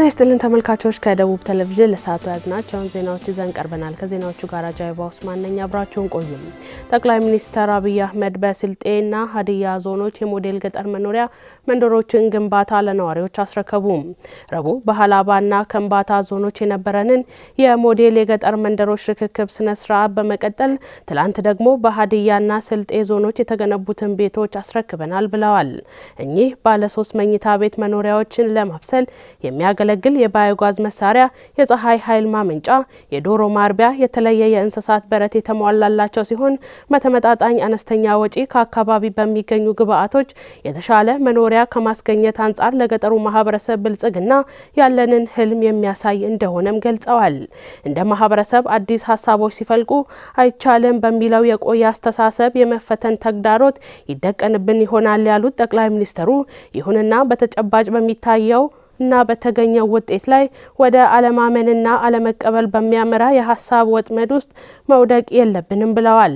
ጤና ይስጥልን ተመልካቾች፣ ከደቡብ ቴሌቪዥን ለሰዓቱ ያዝናቸውን ዜናዎች ይዘን ቀርበናል። ከዜናዎቹ ጋር ጃይባ ውስማን ነኝ። አብራችሁን ቆዩ። ጠቅላይ ሚኒስትር አብይ አህመድ በስልጤና ሀዲያ ዞኖች የሞዴል ገጠር መኖሪያ መንደሮችን ግንባታ ለነዋሪዎች አስረከቡም። ረቡዕ በሀላባና ከምባታ ዞኖች የነበረንን የሞዴል የገጠር መንደሮች ርክክብ ስነ ስርዓት በመቀጠል ትላንት ደግሞ በሀዲያና ስልጤ ዞኖች የተገነቡትን ቤቶች አስረክበናል ብለዋል። እኚህ ባለሶስት መኝታ ቤት መኖሪያዎችን ለማብሰል የሚያገለ የሚያገለግል የባዮጋዝ መሳሪያ፣ የፀሐይ ኃይል ማመንጫ፣ የዶሮ ማርቢያ፣ የተለየ የእንስሳት በረት የተሟላላቸው ሲሆን በተመጣጣኝ አነስተኛ ወጪ ከአካባቢ በሚገኙ ግብአቶች የተሻለ መኖሪያ ከማስገኘት አንጻር ለገጠሩ ማህበረሰብ ብልጽግና ያለንን ህልም የሚያሳይ እንደሆነም ገልጸዋል። እንደ ማህበረሰብ አዲስ ሀሳቦች ሲፈልቁ አይቻልም በሚለው የቆየ አስተሳሰብ የመፈተን ተግዳሮት ይደቀንብን ይሆናል ያሉት ጠቅላይ ሚኒስትሩ ይሁንና በተጨባጭ በሚታየው እና በተገኘው ውጤት ላይ ወደ አለማመንና አለመቀበል በሚያመራ የሀሳብ ወጥመድ ውስጥ መውደቅ የለብንም ብለዋል።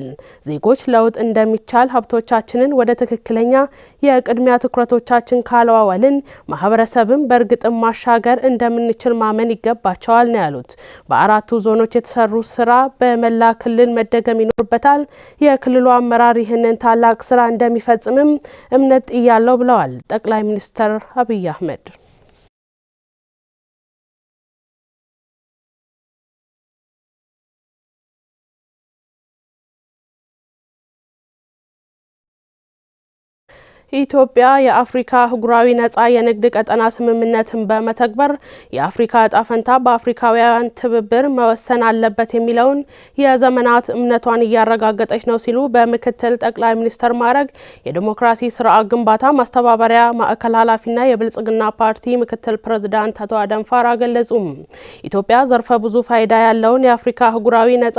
ዜጎች ለውጥ እንደሚቻል ሀብቶቻችንን ወደ ትክክለኛ የቅድሚያ ትኩረቶቻችን ካለዋወልን ማህበረሰብን በእርግጥም ማሻገር እንደምንችል ማመን ይገባቸዋል ነው ያሉት። በአራቱ ዞኖች የተሰሩ ስራ በመላ ክልል መደገም ይኖርበታል። የክልሉ አመራር ይህንን ታላቅ ስራ እንደሚፈጽምም እምነት ጥያለው ብለዋል ጠቅላይ ሚኒስትር አብይ አህመድ። ኢትዮጵያ የአፍሪካ አህጉራዊ ነጻ የንግድ ቀጠና ስምምነትን በመተግበር የአፍሪካ እጣ ፈንታ በአፍሪካውያን ትብብር መወሰን አለበት የሚለውን የዘመናት እምነቷን እያረጋገጠች ነው ሲሉ በምክትል ጠቅላይ ሚኒስትር ማዕረግ የዲሞክራሲ ስርዓት ግንባታ ማስተባበሪያ ማዕከል ኃላፊና የብልጽግና ፓርቲ ምክትል ፕሬዚዳንት አቶ አደንፋር አገለጹም። ኢትዮጵያ ዘርፈ ብዙ ፋይዳ ያለውን የአፍሪካ አህጉራዊ ነጻ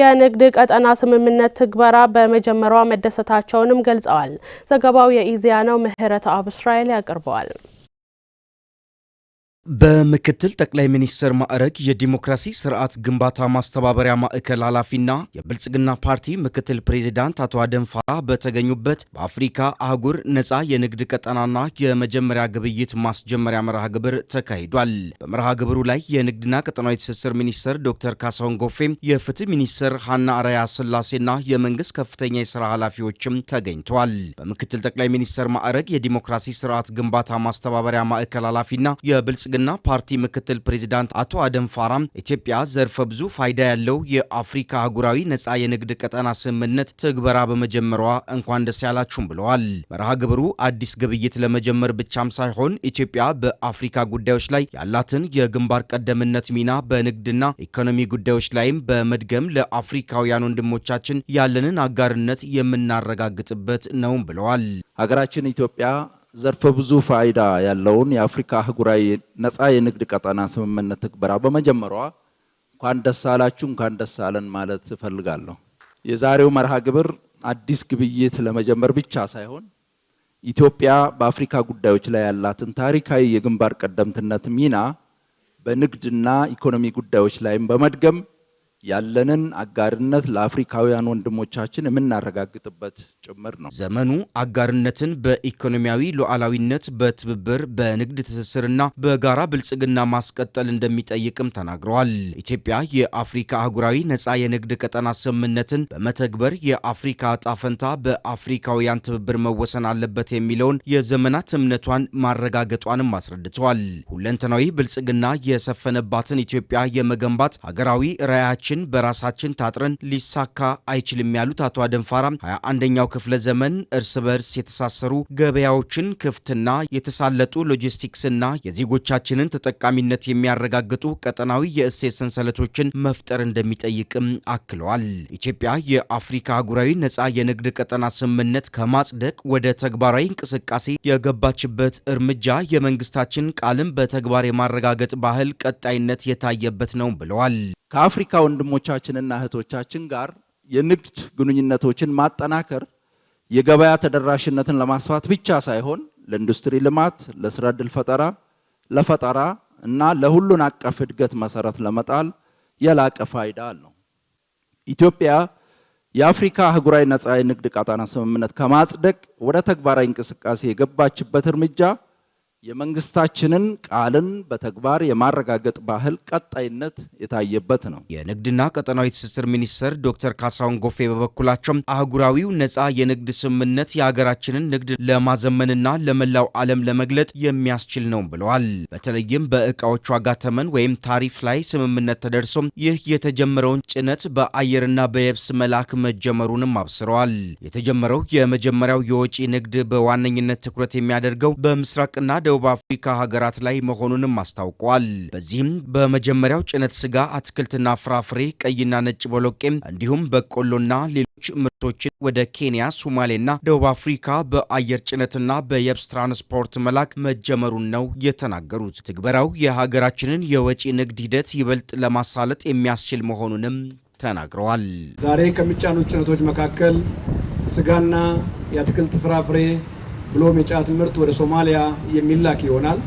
የንግድ ቀጠና ስምምነት ትግበራ በመጀመሯ መደሰታቸውንም ገልጸዋል። ዘገባው የኢዜአ ነው ምህረት አብ እስራኤል ያቀርበዋል። በምክትል ጠቅላይ ሚኒስትር ማዕረግ የዲሞክራሲ ስርዓት ግንባታ ማስተባበሪያ ማዕከል ኃላፊና የብልጽግና ፓርቲ ምክትል ፕሬዚዳንት አቶ አደም በተገኙበት በአፍሪካ አህጉር ነፃ የንግድ ቀጠናና የመጀመሪያ ግብይት ማስጀመሪያ መርሃ ግብር ተካሂዷል። በመርሃ ግብሩ ላይ የንግድና ቀጠናዊ ትስስር ሚኒስትር ዶክተር ካሳሁን ጎፌም፣ የፍትህ ሚኒስትር ሀና አራያ ስላሴና የመንግስት ከፍተኛ የስራ ኃላፊዎችም ተገኝተዋል። በምክትል ጠቅላይ ሚኒስትር ማዕረግ የዲሞክራሲ ስርዓት ግንባታ ማስተባበሪያ ማዕከል ኃላፊና የብልጽግ ብልጽግና ፓርቲ ምክትል ፕሬዚዳንት አቶ አደም ፋራም ኢትዮጵያ ዘርፈ ብዙ ፋይዳ ያለው የአፍሪካ አህጉራዊ ነጻ የንግድ ቀጠና ስምምነት ትግበራ በመጀመሯ እንኳን ደስ ያላችሁም ብለዋል። መርሃ ግብሩ አዲስ ግብይት ለመጀመር ብቻም ሳይሆን ኢትዮጵያ በአፍሪካ ጉዳዮች ላይ ያላትን የግንባር ቀደምነት ሚና በንግድና ኢኮኖሚ ጉዳዮች ላይም በመድገም ለአፍሪካውያን ወንድሞቻችን ያለንን አጋርነት የምናረጋግጥበት ነውም ብለዋል። ሀገራችን ኢትዮጵያ ዘርፈ ብዙ ፋይዳ ያለውን የአፍሪካ አህጉራዊ ነፃ የንግድ ቀጠና ስምምነት ትግበራ በመጀመሯ እንኳን ደስ አላችሁ እንኳን ደስ አለን ማለት እፈልጋለሁ። የዛሬው መርሃ ግብር አዲስ ግብይት ለመጀመር ብቻ ሳይሆን ኢትዮጵያ በአፍሪካ ጉዳዮች ላይ ያላትን ታሪካዊ የግንባር ቀደምትነት ሚና በንግድና ኢኮኖሚ ጉዳዮች ላይም በመድገም ያለንን አጋርነት ለአፍሪካውያን ወንድሞቻችን የምናረጋግጥበት ጭምር ነው። ዘመኑ አጋርነትን በኢኮኖሚያዊ ሉዓላዊነት፣ በትብብር በንግድ ትስስርና በጋራ ብልጽግና ማስቀጠል እንደሚጠይቅም ተናግረዋል። ኢትዮጵያ የአፍሪካ አህጉራዊ ነጻ የንግድ ቀጠና ስምምነትን በመተግበር የአፍሪካ ጣፈንታ ፈንታ በአፍሪካውያን ትብብር መወሰን አለበት የሚለውን የዘመናት እምነቷን ማረጋገጧንም አስረድተዋል። ሁለንተናዊ ብልጽግና የሰፈነባትን ኢትዮጵያ የመገንባት ሀገራዊ ራዕያችን በራሳችን ታጥረን ሊሳካ አይችልም ያሉት አቶ አደንፋራም 21ኛው ክፍለ ዘመን እርስ በርስ የተሳሰሩ ገበያዎችን ክፍትና የተሳለጡ ሎጂስቲክስና የዜጎቻችንን ተጠቃሚነት የሚያረጋግጡ ቀጠናዊ የእሴት ሰንሰለቶችን መፍጠር እንደሚጠይቅም አክለዋል። ኢትዮጵያ የአፍሪካ አህጉራዊ ነፃ የንግድ ቀጠና ስምምነት ከማጽደቅ ወደ ተግባራዊ እንቅስቃሴ የገባችበት እርምጃ የመንግስታችን ቃልም በተግባር የማረጋገጥ ባህል ቀጣይነት የታየበት ነው ብለዋል። ከአፍሪካ ወንድሞቻችንና እህቶቻችን ጋር የንግድ ግንኙነቶችን ማጠናከር የገበያ ተደራሽነትን ለማስፋት ብቻ ሳይሆን ለኢንዱስትሪ ልማት፣ ለስራ ዕድል ፈጠራ፣ ለፈጠራ እና ለሁሉን አቀፍ እድገት መሰረት ለመጣል የላቀ ፋይዳ አለው። ኢትዮጵያ የአፍሪካ አህጉራዊ ነጻ የንግድ ቀጣና ስምምነት ከማጽደቅ ወደ ተግባራዊ እንቅስቃሴ የገባችበት እርምጃ የመንግስታችንን ቃልን በተግባር የማረጋገጥ ባህል ቀጣይነት የታየበት ነው። የንግድና ቀጠናዊ ትስስር ሚኒስትር ዶክተር ካሳሁን ጎፌ በበኩላቸው አህጉራዊው ነፃ የንግድ ስምምነት የሀገራችንን ንግድ ለማዘመንና ለመላው ዓለም ለመግለጥ የሚያስችል ነው ብለዋል። በተለይም በእቃዎች ዋጋ ተመን ወይም ታሪፍ ላይ ስምምነት ተደርሶ ይህ የተጀመረውን ጭነት በአየርና በየብስ መላክ መጀመሩንም አብስረዋል። የተጀመረው የመጀመሪያው የወጪ ንግድ በዋነኝነት ትኩረት የሚያደርገው በምስራቅና ደቡብ አፍሪካ ሀገራት ላይ መሆኑንም አስታውቋል። በዚህም በመጀመሪያው ጭነት ስጋ፣ አትክልትና ፍራፍሬ፣ ቀይና ነጭ በሎቄም እንዲሁም በቆሎና ሌሎች ምርቶችን ወደ ኬንያ፣ ሶማሌና ደቡብ አፍሪካ በአየር ጭነትና በየብስ ትራንስፖርት መላክ መጀመሩን ነው የተናገሩት። ትግበራው የሀገራችንን የወጪ ንግድ ሂደት ይበልጥ ለማሳለጥ የሚያስችል መሆኑንም ተናግረዋል። ዛሬ ከሚጫኑ ጭነቶች መካከል ስጋና የአትክልት ፍራፍሬ ብሎም የጫት ምርት ወደ ሶማሊያ የሚላክ ይሆናል።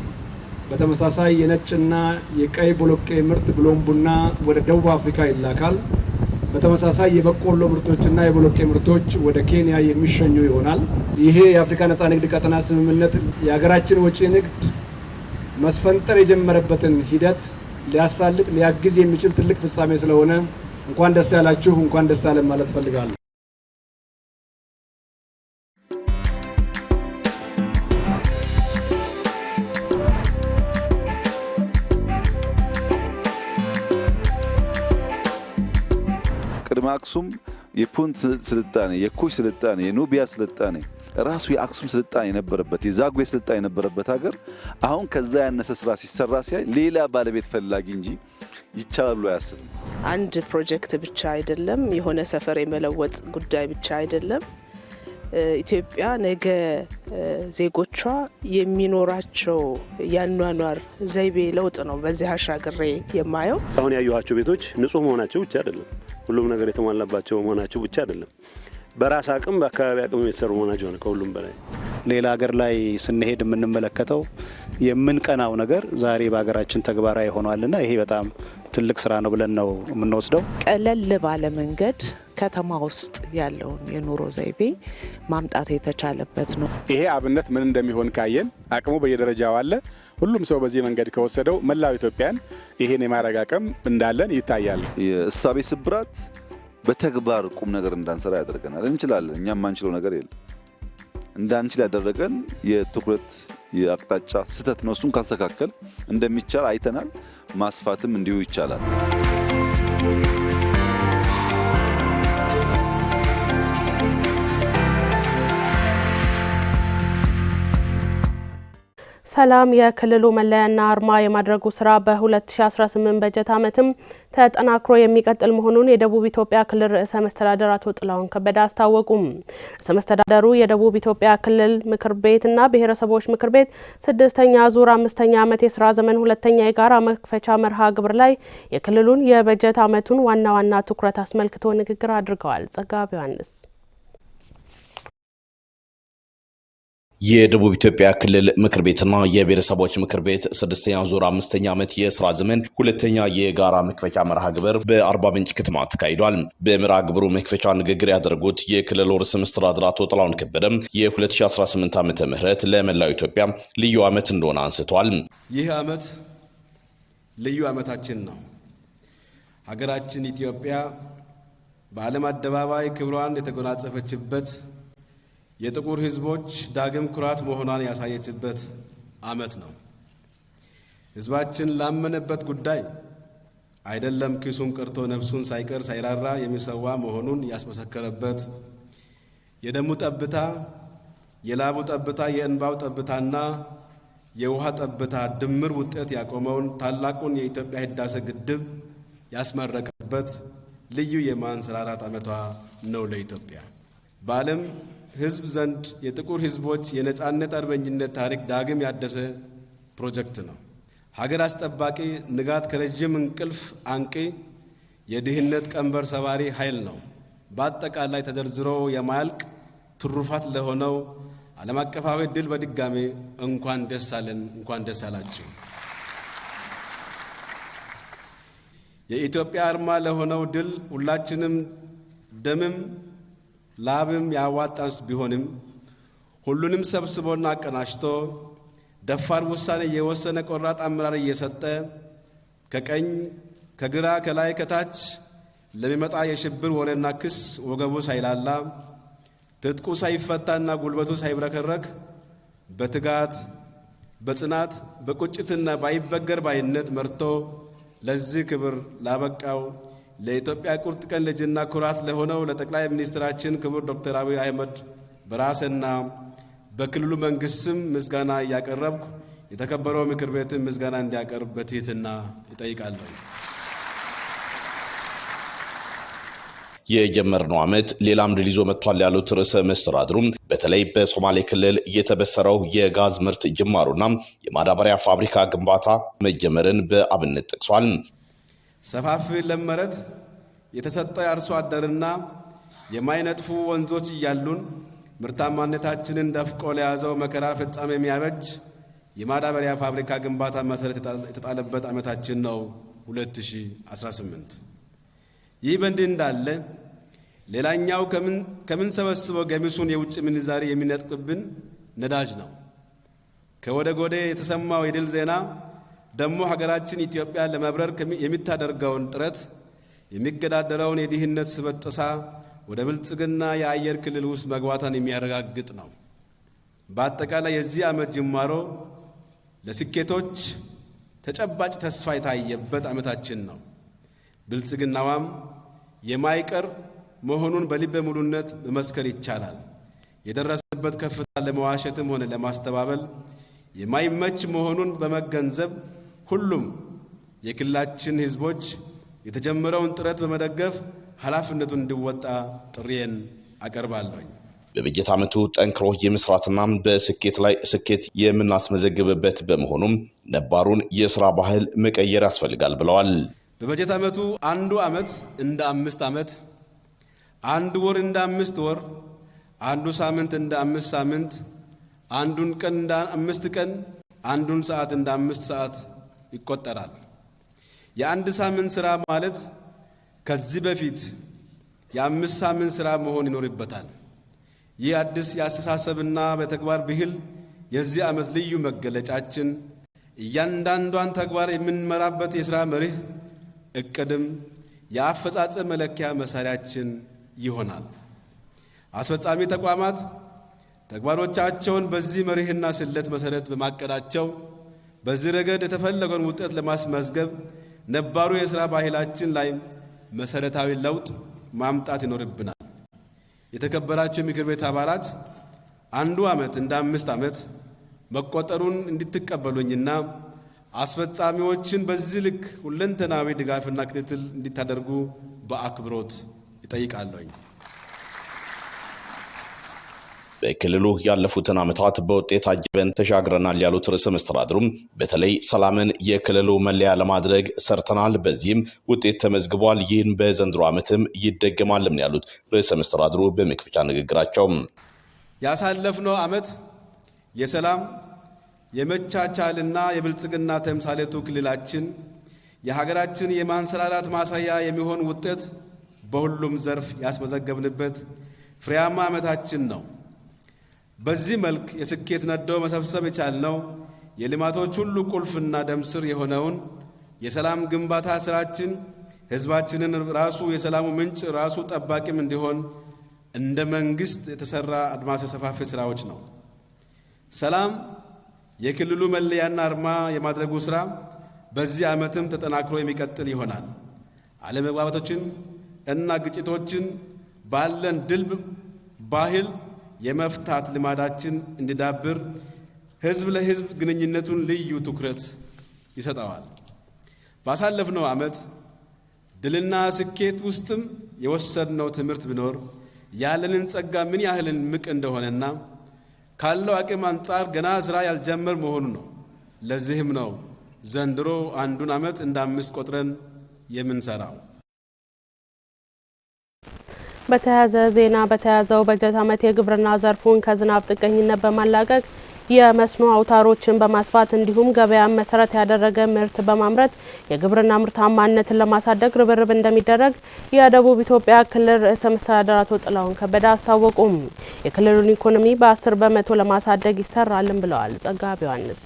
በተመሳሳይ የነጭና የቀይ ቦሎቄ ምርት ብሎም ቡና ወደ ደቡብ አፍሪካ ይላካል። በተመሳሳይ የበቆሎ ምርቶችና የቦሎቄ ምርቶች ወደ ኬንያ የሚሸኙ ይሆናል። ይሄ የአፍሪካ ነጻ ንግድ ቀጠና ስምምነት የሀገራችን ወጪ ንግድ መስፈንጠር የጀመረበትን ሂደት ሊያሳልጥ ሊያግዝ የሚችል ትልቅ ፍጻሜ ስለሆነ እንኳን ደስ ያላችሁ፣ እንኳን ደስ ያለን ማለት እፈልጋለሁ። ቅድመ አክሱም የፑንት ስልጣኔ፣ የኩሽ ስልጣኔ፣ የኑቢያ ስልጣኔ ራሱ የአክሱም ስልጣኔ የነበረበት የዛጉዌ ስልጣኔ የነበረበት ሀገር አሁን ከዛ ያነሰ ስራ ሲሰራ ሲያይ ሌላ ባለቤት ፈላጊ እንጂ ይቻላል ብሎ አያስብም። አንድ ፕሮጀክት ብቻ አይደለም፣ የሆነ ሰፈር የመለወጥ ጉዳይ ብቻ አይደለም። ኢትዮጵያ ነገ ዜጎቿ የሚኖራቸው ያኗኗር ዘይቤ ለውጥ ነው። በዚህ አሻግሬ የማየው አሁን ያየኋቸው ቤቶች ንጹህ መሆናቸው ብቻ አይደለም ሁሉም ነገር የተሟላባቸው መሆናቸው ብቻ አይደለም፣ በራስ አቅም በአካባቢ አቅም የተሰሩ መሆናቸው ነው። ከሁሉም በላይ ሌላ ሀገር ላይ ስንሄድ የምንመለከተው የምንቀናው ነገር ዛሬ በሀገራችን ተግባራዊ ሆኗልና ይሄ በጣም ትልቅ ስራ ነው ብለን ነው የምንወስደው። ቀለል ባለ መንገድ ከተማ ውስጥ ያለውን የኑሮ ዘይቤ ማምጣት የተቻለበት ነው። ይሄ አብነት ምን እንደሚሆን ካየን አቅሙ በየደረጃው አለ። ሁሉም ሰው በዚህ መንገድ ከወሰደው መላው ኢትዮጵያን ይሄን የማድረግ አቅም እንዳለን ይታያል። የእሳቤ ስብራት በተግባር ቁም ነገር እንዳንሰራ ያደርገናል። እንችላለን። እኛ የማንችለው ነገር የለም። እንዳንችል ያደረገን የትኩረት የአቅጣጫ ስህተት ነው። እሱን ካስተካከል እንደሚቻል አይተናል። ማስፋትም እንዲሁ ይቻላል። ሰላም የክልሉ መለያና አርማ የማድረጉ ስራ በ2018 በጀት ዓመትም ተጠናክሮ የሚቀጥል መሆኑን የደቡብ ኢትዮጵያ ክልል ርዕሰ መስተዳደር አቶ ጥላሁን ከበደ አስታወቁም። ርዕሰ መስተዳደሩ የደቡብ ኢትዮጵያ ክልል ምክር ቤትና ብሔረሰቦች ምክር ቤት ስድስተኛ ዙር አምስተኛ ዓመት የስራ ዘመን ሁለተኛ የጋራ መክፈቻ መርሃ ግብር ላይ የክልሉን የበጀት ዓመቱን ዋና ዋና ትኩረት አስመልክቶ ንግግር አድርገዋል። ጸጋቢ ዮሐንስ የደቡብ ኢትዮጵያ ክልል ምክር ቤትና የብሔረሰቦች ምክር ቤት ስድስተኛ ዙር አምስተኛ ዓመት የስራ ዘመን ሁለተኛ የጋራ መክፈቻ መርሃ ግብር በአርባ ምንጭ ከተማ ተካሂዷል። በመርሃ ግብሩ መክፈቻ ንግግር ያደረጉት የክልሉ ርዕሰ መስተዳድር አቶ ጥላሁን ከበደም የ2018 ዓመተ ምህረት ለመላው ኢትዮጵያ ልዩ ዓመት እንደሆነ አንስተዋል። ይህ ዓመት ልዩ ዓመታችን ነው። ሀገራችን ኢትዮጵያ በዓለም አደባባይ ክብሯን የተጎናጸፈችበት የጥቁር ሕዝቦች ዳግም ኩራት መሆኗን ያሳየችበት ዓመት ነው። ሕዝባችን ላመነበት ጉዳይ አይደለም ኪሱን ቀርቶ ነፍሱን ሳይቀር ሳይራራ የሚሰዋ መሆኑን ያስመሰከረበት የደሙ ጠብታ፣ የላቡ ጠብታ፣ የእንባው ጠብታና የውሃ ጠብታ ድምር ውጤት ያቆመውን ታላቁን የኢትዮጵያ ህዳሴ ግድብ ያስመረቀበት ልዩ የማንሰራራት ዓመቷ ነው ለኢትዮጵያ በዓለም ህዝብ ዘንድ የጥቁር ህዝቦች የነፃነት አርበኝነት ታሪክ ዳግም ያደሰ ፕሮጀክት ነው። ሀገር አስጠባቂ ንጋት ከረዥም እንቅልፍ አንቂ የድህነት ቀንበር ሰባሪ ኃይል ነው። በአጠቃላይ ተዘርዝሮ የማያልቅ ትሩፋት ለሆነው ዓለም አቀፋዊ ድል በድጋሜ እንኳን ደስ አለን፣ እንኳን ደስ አላችሁ። የኢትዮጵያ አርማ ለሆነው ድል ሁላችንም ደምም ላብም ያዋጣንስ ቢሆንም ሁሉንም ሰብስቦና አቀናጅቶ ደፋር ውሳኔ የወሰነ ቆራጥ አመራር እየሰጠ ከቀኝ ከግራ ከላይ ከታች ለሚመጣ የሽብር ወሬና ክስ ወገቡ ሳይላላ ትጥቁ ሳይፈታና ጉልበቱ ሳይብረከረክ በትጋት በጽናት በቁጭትና ባይበገር ባይነት መርቶ ለዚህ ክብር ላበቃው ለኢትዮጵያ ቁርጥ ቀን ልጅና ኩራት ለሆነው ለጠቅላይ ሚኒስትራችን ክቡር ዶክተር አብይ አህመድ በራሰና በክልሉ መንግስት ስም ምስጋና እያቀረብኩ የተከበረው ምክር ቤትን ምስጋና እንዲያቀርብ በትህትና እጠይቃለሁ። የጀመርነው ዓመት ሌላ አምድል ይዞ መጥቷል ያሉት ርዕሰ መስተዳድሩም በተለይ በሶማሌ ክልል እየተበሰረው የጋዝ ምርት ጅማሩና የማዳበሪያ ፋብሪካ ግንባታ መጀመርን በአብነት ጠቅሷል። ሰፋፊ ለም መሬት የተሰጠ የአርሶ አደርና የማይነጥፉ ወንዞች እያሉን ምርታማነታችንን ደፍቆ ለያዘው መከራ ፍጻሜ የሚያበጅ የማዳበሪያ ፋብሪካ ግንባታ መሰረት የተጣለበት ዓመታችን ነው 2018። ይህ በእንዲህ እንዳለ ሌላኛው ከምንሰበስበው ገሚሱን የውጭ ምንዛሪ የሚነጥቅብን ነዳጅ ነው። ከወደ ጎዴ የተሰማው የድል ዜና ደግሞ ሀገራችን ኢትዮጵያ ለመብረር የሚታደርገውን ጥረት የሚገዳደረውን የድህነት ስበት ጥሳ ወደ ብልጽግና የአየር ክልል ውስጥ መግባቷን የሚያረጋግጥ ነው። በአጠቃላይ የዚህ ዓመት ጅማሮ ለስኬቶች ተጨባጭ ተስፋ የታየበት ዓመታችን ነው። ብልጽግናዋም የማይቀር መሆኑን በልበ ሙሉነት መመስከር ይቻላል። የደረሰበት ከፍታ ለመዋሸትም ሆነ ለማስተባበል የማይመች መሆኑን በመገንዘብ ሁሉም የክልላችን ህዝቦች የተጀመረውን ጥረት በመደገፍ ኃላፊነቱን እንዲወጣ ጥሪዬን አቀርባለሁኝ። በበጀት ዓመቱ ጠንክሮ የመስራትና በስኬት ላይ ስኬት የምናስመዘግብበት በመሆኑም ነባሩን የስራ ባህል መቀየር ያስፈልጋል ብለዋል። በበጀት ዓመቱ አንዱ ዓመት እንደ አምስት ዓመት፣ አንድ ወር እንደ አምስት ወር፣ አንዱ ሳምንት እንደ አምስት ሳምንት፣ አንዱን ቀን እንደ አምስት ቀን፣ አንዱን ሰዓት እንደ አምስት ሰዓት ይቆጠራል። የአንድ ሳምንት ስራ ማለት ከዚህ በፊት የአምስት ሳምንት ስራ መሆን ይኖርበታል። ይህ አዲስ የአስተሳሰብና በተግባር ብሂል የዚህ ዓመት ልዩ መገለጫችን እያንዳንዷን ተግባር የምንመራበት የሥራ መርህ እቅድም የአፈጻጸም መለኪያ መሣሪያችን ይሆናል። አስፈጻሚ ተቋማት ተግባሮቻቸውን በዚህ መርህና ስለት መሠረት በማቀዳቸው በዚህ ረገድ የተፈለገውን ውጤት ለማስመዝገብ ነባሩ የሥራ ባህላችን ላይ መሠረታዊ ለውጥ ማምጣት ይኖርብናል። የተከበራቸው የምክር ቤት አባላት አንዱ ዓመት እንደ አምስት ዓመት መቆጠሩን እንድትቀበሉኝና አስፈጻሚዎችን በዚህ ልክ ሁለንተናዊ ድጋፍና ክትትል እንዲታደርጉ በአክብሮት ይጠይቃለሁኝ። በክልሉ ያለፉትን ዓመታት በውጤት አጅበን ተሻግረናል ያሉት ርዕሰ መስተዳድሩም በተለይ ሰላምን የክልሉ መለያ ለማድረግ ሰርተናል፣ በዚህም ውጤት ተመዝግቧል። ይህን በዘንድሮ ዓመትም ይደገማልም ያሉት ርዕሰ መስተዳድሩ በመክፈቻ ንግግራቸው ያሳለፍነው ዓመት የሰላም የመቻቻልና የብልጽግና ተምሳሌቱ ክልላችን የሀገራችን የማንሰራራት ማሳያ የሚሆን ውጤት በሁሉም ዘርፍ ያስመዘገብንበት ፍሬያማ ዓመታችን ነው። በዚህ መልክ የስኬት ነደው መሰብሰብ የቻልነው የልማቶች ሁሉ ቁልፍና ደምስር የሆነውን የሰላም ግንባታ ስራችን ህዝባችንን ራሱ የሰላሙ ምንጭ ራሱ ጠባቂም እንዲሆን እንደ መንግስት የተሰራ አድማስ ሰፋፊ ስራዎች ነው። ሰላም የክልሉ መለያና አርማ የማድረጉ ስራ በዚህ ዓመትም ተጠናክሮ የሚቀጥል ይሆናል። አለመግባባቶችን እና ግጭቶችን ባለን ድልብ ባህል የመፍታት ልማዳችን እንዲዳብር ህዝብ ለህዝብ ግንኙነቱን ልዩ ትኩረት ይሰጠዋል። ባሳለፍነው ዓመት ድልና ስኬት ውስጥም የወሰድነው ትምህርት ቢኖር ያለንን ጸጋ ምን ያህልን ምቅ እንደሆነና ካለው አቅም አንጻር ገና ስራ ያልጀመር መሆኑ ነው። ለዚህም ነው ዘንድሮ አንዱን ዓመት እንደ አምስት ቆጥረን የምንሰራው። በተያያዘ ዜና በተያዘው በጀት ዓመት የግብርና ዘርፉን ከዝናብ ጥገኝነት በማላቀቅ የመስኖ አውታሮችን በማስፋት እንዲሁም ገበያን መሰረት ያደረገ ምርት በማምረት የግብርና ምርታማነትን ለማሳደግ ርብርብ እንደሚደረግ የደቡብ ኢትዮጵያ ክልል ርዕሰ መስተዳድር አቶ ጥላሁን ከበደ አስታወቁም። የክልሉን ኢኮኖሚ በአስር በመቶ ለማሳደግ ይሰራልን ብለዋል። ጸጋቢ ዮሐንስ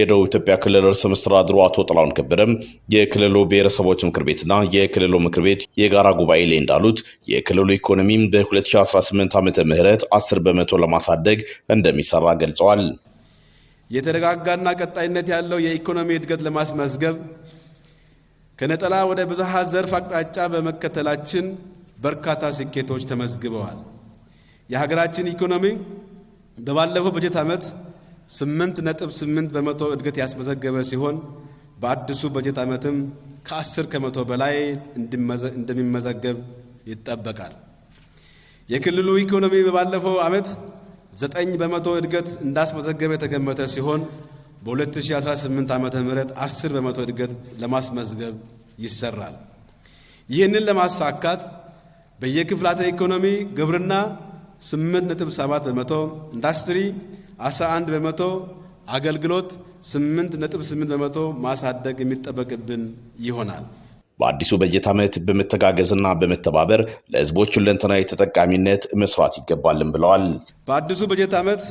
የደቡብ ኢትዮጵያ ክልል ርዕሰ መስተዳድሩ አቶ ጥላሁን ከበደም የክልሉ ብሔረሰቦች ምክር ቤትና የክልሉ ምክር ቤት የጋራ ጉባኤ ላይ እንዳሉት የክልሉ ኢኮኖሚም በ2018 ዓመተ ምህረት 10 በመቶ ለማሳደግ እንደሚሰራ ገልጸዋል። የተረጋጋና ቀጣይነት ያለው የኢኮኖሚ እድገት ለማስመዝገብ ከነጠላ ወደ ብዝሃ ዘርፍ አቅጣጫ በመከተላችን በርካታ ስኬቶች ተመዝግበዋል። የሀገራችን ኢኮኖሚ በባለፈው በጀት ዓመት ስምንት ነጥብ ስምንት በመቶ እድገት ያስመዘገበ ሲሆን በአዲሱ በጀት ዓመትም ከአስር ከመቶ በላይ እንደሚመዘገብ ይጠበቃል። የክልሉ ኢኮኖሚ በባለፈው ዓመት ዘጠኝ በመቶ እድገት እንዳስመዘገበ የተገመተ ሲሆን በ2018 ዓ ም 10 በመቶ እድገት ለማስመዝገብ ይሰራል። ይህንን ለማሳካት በየክፍላተ ኢኮኖሚ ግብርና 8.7 በመቶ፣ ኢንዱስትሪ 11 በመቶ አገልግሎት 8.8 በመቶ ማሳደግ የሚጠበቅብን ይሆናል። በአዲሱ በጀት ዓመት በመተጋገዝና በመተባበር ለህዝቦች ሁለንተናዊ ተጠቃሚነት መስራት ይገባልን ብለዋል። በአዲሱ በጀት ዓመት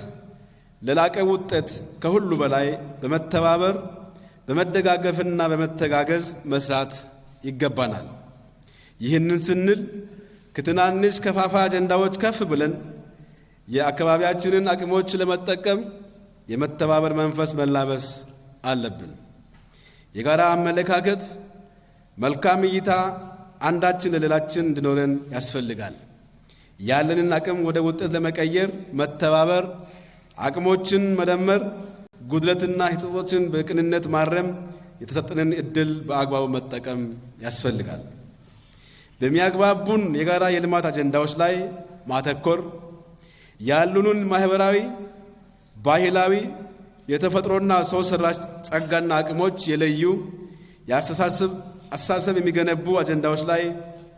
ለላቀ ውጤት ከሁሉ በላይ በመተባበር በመደጋገፍና በመተጋገዝ መስራት ይገባናል። ይህንን ስንል ከትናንሽ ከፋፋ አጀንዳዎች ከፍ ብለን የአካባቢያችንን አቅሞች ለመጠቀም የመተባበር መንፈስ መላበስ አለብን። የጋራ አመለካከት፣ መልካም እይታ አንዳችን ለሌላችን እንዲኖረን ያስፈልጋል። ያለንን አቅም ወደ ውጤት ለመቀየር መተባበር፣ አቅሞችን መደመር፣ ጉድለትና ህጸጾችን በቅንነት ማረም፣ የተሰጠንን እድል በአግባቡ መጠቀም ያስፈልጋል። በሚያግባቡን የጋራ የልማት አጀንዳዎች ላይ ማተኮር ያሉንን ማህበራዊ፣ ባህላዊ፣ የተፈጥሮና ሰው ሰራሽ ጸጋና አቅሞች የለዩ የአስተሳሰብ አስተሳሰብ የሚገነቡ አጀንዳዎች ላይ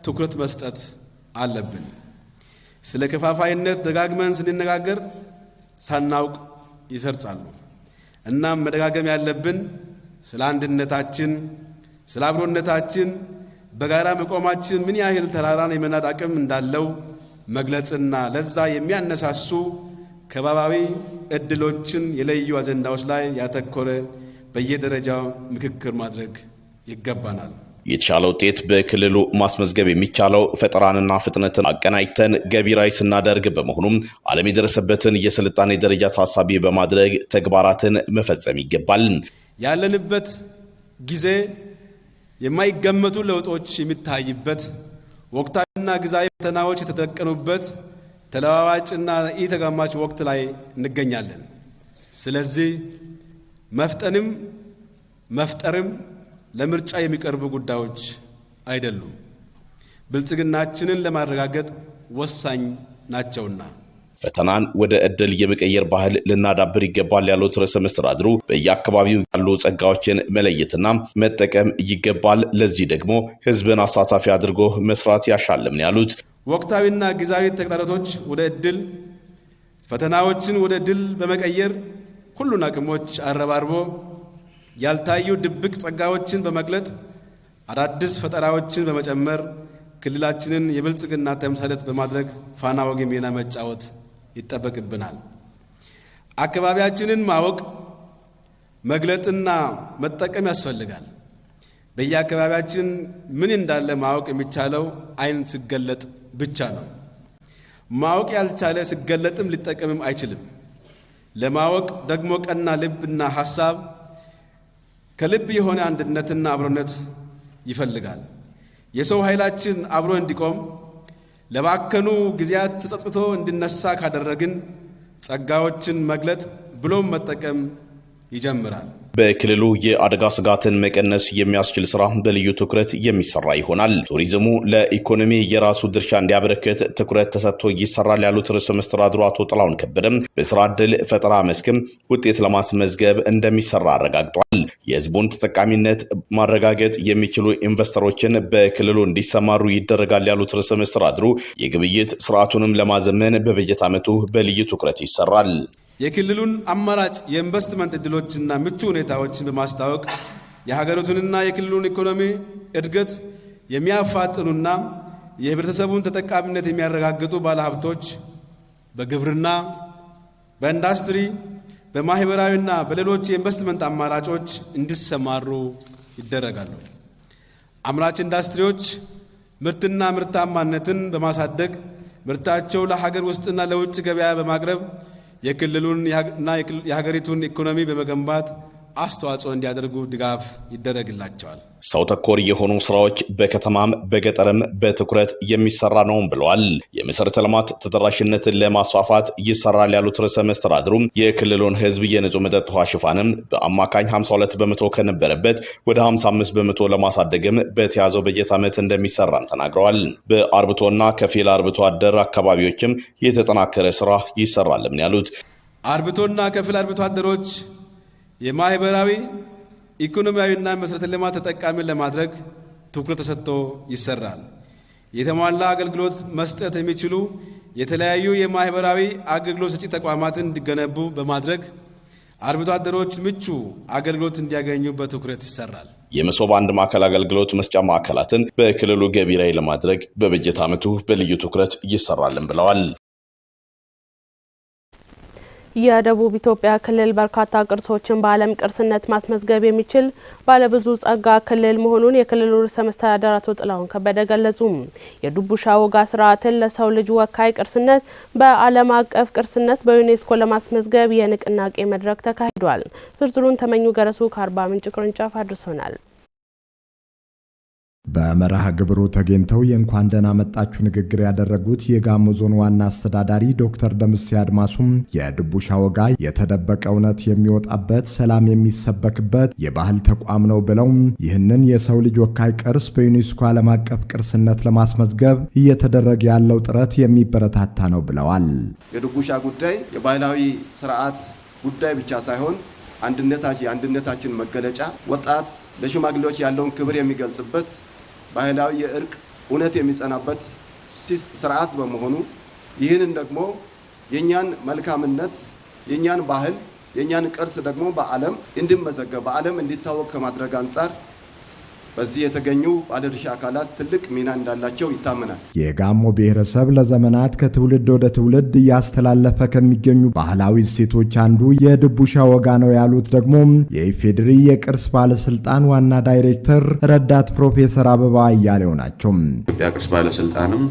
ትኩረት መስጠት አለብን። ስለ ከፋፋይነት ደጋግመን ስንነጋገር ሳናውቅ ይሰርጻሉ። እናም መደጋገም ያለብን ስለ አንድነታችን፣ ስለ አብሮነታችን በጋራ መቆማችን ምን ያህል ተራራን የመናድ አቅም እንዳለው መግለጽና ለዛ የሚያነሳሱ ከባባዊ እድሎችን የለዩ አጀንዳዎች ላይ ያተኮረ በየደረጃው ምክክር ማድረግ ይገባናል። የተሻለ ውጤት በክልሉ ማስመዝገብ የሚቻለው ፈጠራንና ፍጥነትን አቀናጅተን ገቢራዊ ስናደርግ በመሆኑም ዓለም የደረሰበትን የስልጣኔ ደረጃ ታሳቢ በማድረግ ተግባራትን መፈጸም ይገባል። ያለንበት ጊዜ የማይገመቱ ለውጦች የሚታይበት ወቅታዊ እና ግዛዊ ፈተናዎች የተጠቀኑበት ተለዋዋጭና ኢተጋማች ወቅት ላይ እንገኛለን። ስለዚህ መፍጠንም መፍጠርም ለምርጫ የሚቀርቡ ጉዳዮች አይደሉም፣ ብልጽግናችንን ለማረጋገጥ ወሳኝ ናቸውና ፈተናን ወደ እድል የመቀየር ባህል ልናዳብር ይገባል ያሉት ርዕሰ መስተዳድሩ በየአካባቢው ያሉ ጸጋዎችን መለየትና መጠቀም ይገባል። ለዚህ ደግሞ ህዝብን አሳታፊ አድርጎ መስራት ያሻልም ያሉት። ወቅታዊና ጊዜያዊ ተግዳሮቶች ወደ እድል፣ ፈተናዎችን ወደ ድል በመቀየር ሁሉን አቅሞች አረባርቦ ያልታዩ ድብቅ ጸጋዎችን በመግለጥ አዳዲስ ፈጠራዎችን በመጨመር ክልላችንን የብልጽግና ተምሳሌት በማድረግ ፋና ወጊ ሚና መጫወት ይጠበቅብናል። አካባቢያችንን ማወቅ መግለጥና መጠቀም ያስፈልጋል። በየአካባቢያችን ምን እንዳለ ማወቅ የሚቻለው ዓይን ሲገለጥ ብቻ ነው። ማወቅ ያልቻለ ሲገለጥም ሊጠቀምም አይችልም። ለማወቅ ደግሞ ቀና ልብና ሐሳብ ከልብ የሆነ አንድነትና አብሮነት ይፈልጋል። የሰው ኃይላችን አብሮ እንዲቆም ለባከኑ ጊዜያት ተጸጽቶ እንዲነሳ ካደረግን ጸጋዎችን መግለጥ ብሎም መጠቀም ይጀምራል። በክልሉ የአደጋ ስጋትን መቀነስ የሚያስችል ስራ በልዩ ትኩረት የሚሰራ ይሆናል። ቱሪዝሙ ለኢኮኖሚ የራሱ ድርሻ እንዲያበረክት ትኩረት ተሰጥቶ ይሰራል ያሉት ርዕሰ መስተዳድሩ አቶ ጥላሁን ከበደም በስራ ድል ፈጠራ መስክም ውጤት ለማስመዝገብ እንደሚሰራ አረጋግጧል። የህዝቡን ተጠቃሚነት ማረጋገጥ የሚችሉ ኢንቨስተሮችን በክልሉ እንዲሰማሩ ይደረጋል ያሉት ርዕሰ መስተዳድሩ የግብይት ስርዓቱንም ለማዘመን በበጀት ዓመቱ በልዩ ትኩረት ይሰራል። የክልሉን አማራጭ የኢንቨስትመንት እድሎችና ምቹ ሁኔታዎችን በማስታወቅ የሀገሪቱንና የክልሉን ኢኮኖሚ እድገት የሚያፋጥኑና የህብረተሰቡን ተጠቃሚነት የሚያረጋግጡ ባለሀብቶች በግብርና፣ በኢንዱስትሪ፣ በማኅበራዊና በሌሎች የኢንቨስትመንት አማራጮች እንዲሰማሩ ይደረጋሉ። አምራች ኢንዱስትሪዎች ምርትና ምርታማነትን በማሳደግ ምርታቸው ለሀገር ውስጥና ለውጭ ገበያ በማቅረብ የክልሉንና የሀገሪቱን ኢኮኖሚ በመገንባት አስተዋጽኦ እንዲያደርጉ ድጋፍ ይደረግላቸዋል። ሰው ተኮር የሆኑ ስራዎች በከተማም በገጠርም በትኩረት የሚሰራ ነው ብለዋል። የመሰረተ ልማት ተደራሽነትን ለማስፋፋት ይሰራል ያሉት ርዕሰ መስተዳድሩም የክልሉን ሕዝብ የንጹህ መጠጥ ውሃ ሽፋንም በአማካኝ 52 በመቶ ከነበረበት ወደ 55 በመቶ ለማሳደግም በተያዘው በጀት ዓመት እንደሚሰራም ተናግረዋል። በአርብቶና ከፊል አርብቶ አደር አካባቢዎችም የተጠናከረ ስራ ይሰራልም ያሉት አርብቶና ከፊል አርብቶ አደሮች የማህበራዊ ኢኮኖሚያዊና መሰረተ ልማት ተጠቃሚን ለማድረግ ትኩረት ተሰጥቶ ይሰራል። የተሟላ አገልግሎት መስጠት የሚችሉ የተለያዩ የማህበራዊ አገልግሎት ሰጪ ተቋማትን እንዲገነቡ በማድረግ አርብቶ አደሮች ምቹ አገልግሎት እንዲያገኙ በትኩረት ይሰራል። የመሶብ አንድ ማዕከል አገልግሎት መስጫ ማዕከላትን በክልሉ ላይ ለማድረግ በበጀት ዓመቱ በልዩ ትኩረት ይሰራልን ብለዋል። የደቡብ ኢትዮጵያ ክልል በርካታ ቅርሶችን በዓለም ቅርስነት ማስመዝገብ የሚችል ባለብዙ ጸጋ ክልል መሆኑን የክልሉ ርዕሰ መስተዳድር አቶ ጥላሁን ከበደ ገለጹም የዱቡሻ ወጋ ስርዓትን ለሰው ልጅ ወካይ ቅርስነት በዓለም አቀፍ ቅርስነት በዩኔስኮ ለማስመዝገብ የንቅናቄ መድረክ ተካሂዷል። ዝርዝሩን ተመኙ ገረሱ ከአርባ ምንጭ ቅርንጫፍ አድርሶናል። በመርሃ ግብሩ ተገኝተው የእንኳን ደህና መጣችሁ ንግግር ያደረጉት የጋሞ ዞን ዋና አስተዳዳሪ ዶክተር ደምሴ አድማሱም የድቡሻ ወጋ የተደበቀ እውነት የሚወጣበት ሰላም የሚሰበክበት የባህል ተቋም ነው ብለው ይህንን የሰው ልጅ ወካይ ቅርስ በዩኔስኮ ዓለም አቀፍ ቅርስነት ለማስመዝገብ እየተደረገ ያለው ጥረት የሚበረታታ ነው ብለዋል። የድቡሻ ጉዳይ የባህላዊ ስርዓት ጉዳይ ብቻ ሳይሆን አንድነታችን የአንድነታችን መገለጫ ወጣት ለሽማግሌዎች ያለውን ክብር የሚገልጽበት ባህላዊ የእርቅ እውነት የሚጸናበት ስርዓት በመሆኑ ይህንን ደግሞ የእኛን መልካምነት የእኛን ባህል የእኛን ቅርስ ደግሞ በዓለም እንዲመዘገብ በዓለም እንዲታወቅ ከማድረግ አንጻር በዚህ የተገኙ ባለድርሻ አካላት ትልቅ ሚና እንዳላቸው ይታመናል። የጋሞ ብሔረሰብ ለዘመናት ከትውልድ ወደ ትውልድ እያስተላለፈ ከሚገኙ ባህላዊ እሴቶች አንዱ የድቡሻ ወጋ ነው ያሉት ደግሞ የኢፌዴሪ የቅርስ ባለስልጣን ዋና ዳይሬክተር ረዳት ፕሮፌሰር አበባ እያሌው ናቸው። ኢትዮጵያ ቅርስ ባለስልጣንም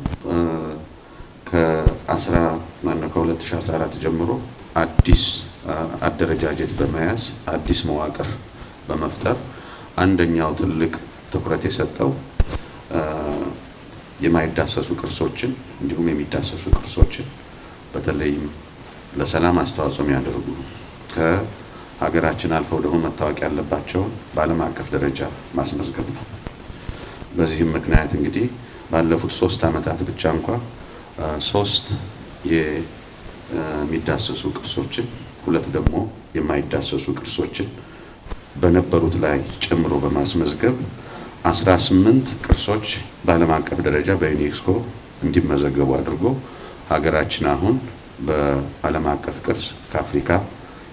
ከ2014 ጀምሮ አዲስ አደረጃጀት በመያዝ አዲስ መዋቅር በመፍጠር አንደኛው ትልቅ ትኩረት የሰጠው የማይዳሰሱ ቅርሶችን እንዲሁም የሚዳሰሱ ቅርሶችን በተለይም ለሰላም አስተዋጽኦ የሚያደርጉ ከሀገራችን አልፈው ደግሞ መታወቅ ያለባቸውን በዓለም አቀፍ ደረጃ ማስመዝገብ ነው። በዚህም ምክንያት እንግዲህ ባለፉት ሶስት ዓመታት ብቻ እንኳ ሶስት የሚዳሰሱ ቅርሶችን ሁለት ደግሞ የማይዳሰሱ ቅርሶችን በነበሩት ላይ ጨምሮ በማስመዝገብ 18 ቅርሶች በዓለም አቀፍ ደረጃ በዩኔስኮ እንዲመዘገቡ አድርጎ ሀገራችን አሁን በዓለም አቀፍ ቅርስ ከአፍሪካ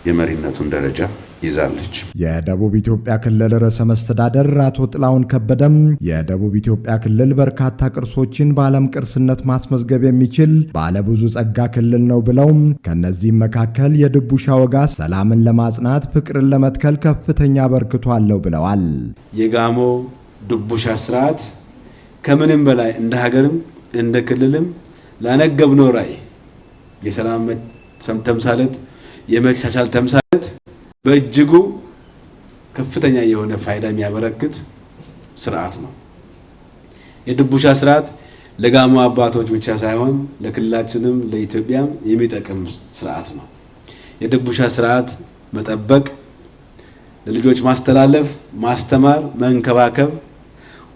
የመሪነቱን ደረጃ ይዛለች። የደቡብ ኢትዮጵያ ክልል ርዕሰ መስተዳደር አቶ ጥላሁን ከበደም የደቡብ ኢትዮጵያ ክልል በርካታ ቅርሶችን በዓለም ቅርስነት ማስመዝገብ የሚችል ባለብዙ ጸጋ ክልል ነው ብለው ከነዚህም መካከል የድቡሻ ወጋ ሰላምን ለማጽናት፣ ፍቅርን ለመትከል ከፍተኛ በርክቶ አለው ብለዋል። የጋሞ ድቡሻ ስርዓት ከምንም በላይ እንደ ሀገርም እንደ ክልልም ላነገብነው ራዕይ የሰላም ተምሳሌት የመቻቻል ተምሳሌት በእጅጉ ከፍተኛ የሆነ ፋይዳ የሚያበረክት ስርዓት ነው። የድቡሻ ስርዓት ለጋሞ አባቶች ብቻ ሳይሆን ለክልላችንም ለኢትዮጵያም የሚጠቅም ስርዓት ነው። የድቡሻ ስርዓት መጠበቅ ለልጆች ማስተላለፍ፣ ማስተማር፣ መንከባከብ፣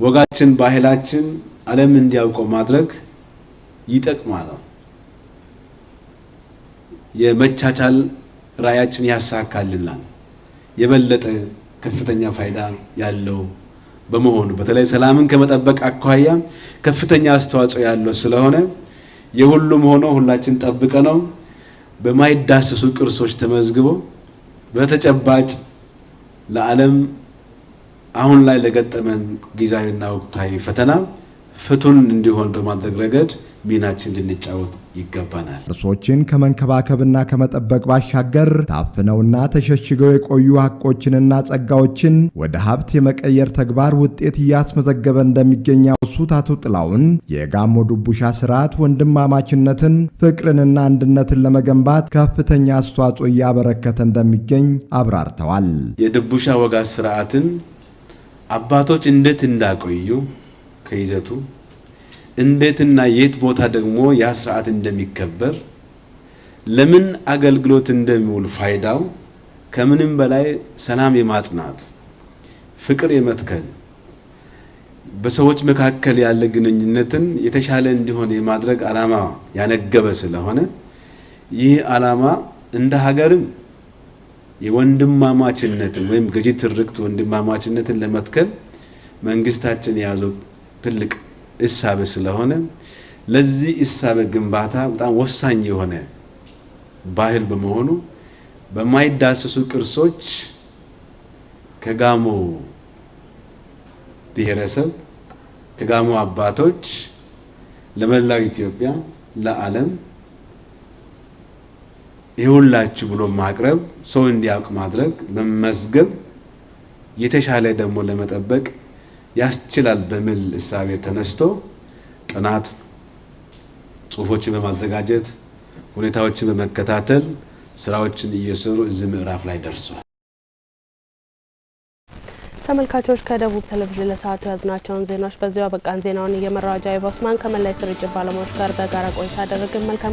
ወጋችን፣ ባህላችን ዓለም እንዲያውቀው ማድረግ ይጠቅማል። የመቻቻል ራዕያችን ያሳካልናል። የበለጠ ከፍተኛ ፋይዳ ያለው በመሆኑ በተለይ ሰላምን ከመጠበቅ አኳያ ከፍተኛ አስተዋጽኦ ያለው ስለሆነ የሁሉም ሆኖ ሁላችን ጠብቀ ነው በማይዳሰሱ ቅርሶች ተመዝግቦ በተጨባጭ ለዓለም አሁን ላይ ለገጠመን ጊዜያዊና ወቅታዊ ፈተና ፍቱን እንዲሆን በማድረግ ረገድ ሚናችን እንድንጫወት ይገባናል። እርሶችን ከመንከባከብና ከመጠበቅ ባሻገር ታፍነውና ተሸሽገው የቆዩ ሀቆችንና ጸጋዎችን ወደ ሀብት የመቀየር ተግባር ውጤት እያስመዘገበ እንደሚገኝ ያወሱት አቶ ጥላውን የጋሞ ዱቡሻ ስርዓት ወንድማማችነትን፣ ፍቅርንና አንድነትን ለመገንባት ከፍተኛ አስተዋጽኦ እያበረከተ እንደሚገኝ አብራርተዋል። የዱቡሻ ወጋ ስርዓትን አባቶች እንዴት እንዳቆዩ ከይዘቱ እንዴትና የት ቦታ ደግሞ ያ ስርዓት እንደሚከበር ለምን አገልግሎት እንደሚውል ፋይዳው ከምንም በላይ ሰላም የማጽናት ፍቅር የመትከል በሰዎች መካከል ያለ ግንኙነትን የተሻለ እንዲሆን የማድረግ ዓላማ ያነገበ ስለሆነ ይህ ዓላማ እንደ ሀገርም የወንድማማችነትን ወይም ገዢ ትርክት ወንድማማችነትን ለመትከል መንግስታችን የያዘው ትልቅ እሳበ ስለሆነ ለዚህ እሳበ ግንባታ በጣም ወሳኝ የሆነ ባህል በመሆኑ በማይዳሰሱ ቅርሶች ከጋሞ ብሔረሰብ ከጋሞ አባቶች ለመላው ኢትዮጵያ ለዓለም ይሁላችሁ ብሎ ማቅረብ ሰው እንዲያውቅ ማድረግ መመዝገብ የተሻለ ደግሞ ለመጠበቅ ያስችላል በሚል እሳቤ ተነስቶ ጥናት ጽሁፎችን በማዘጋጀት ሁኔታዎችን በመከታተል ስራዎችን እየሰሩ እዚህ ምዕራፍ ላይ ደርሷል። ተመልካቾች ከደቡብ ቴሌቪዥን ለሰዓቱ ያዝናቸውን ዜናዎች በዚያው አበቃን። ዜናውን እየመራው አጃይባ ከመላይ ስርጭት ባለሙያዎች ጋር በጋራ ቆይታ አደረግን። መልካም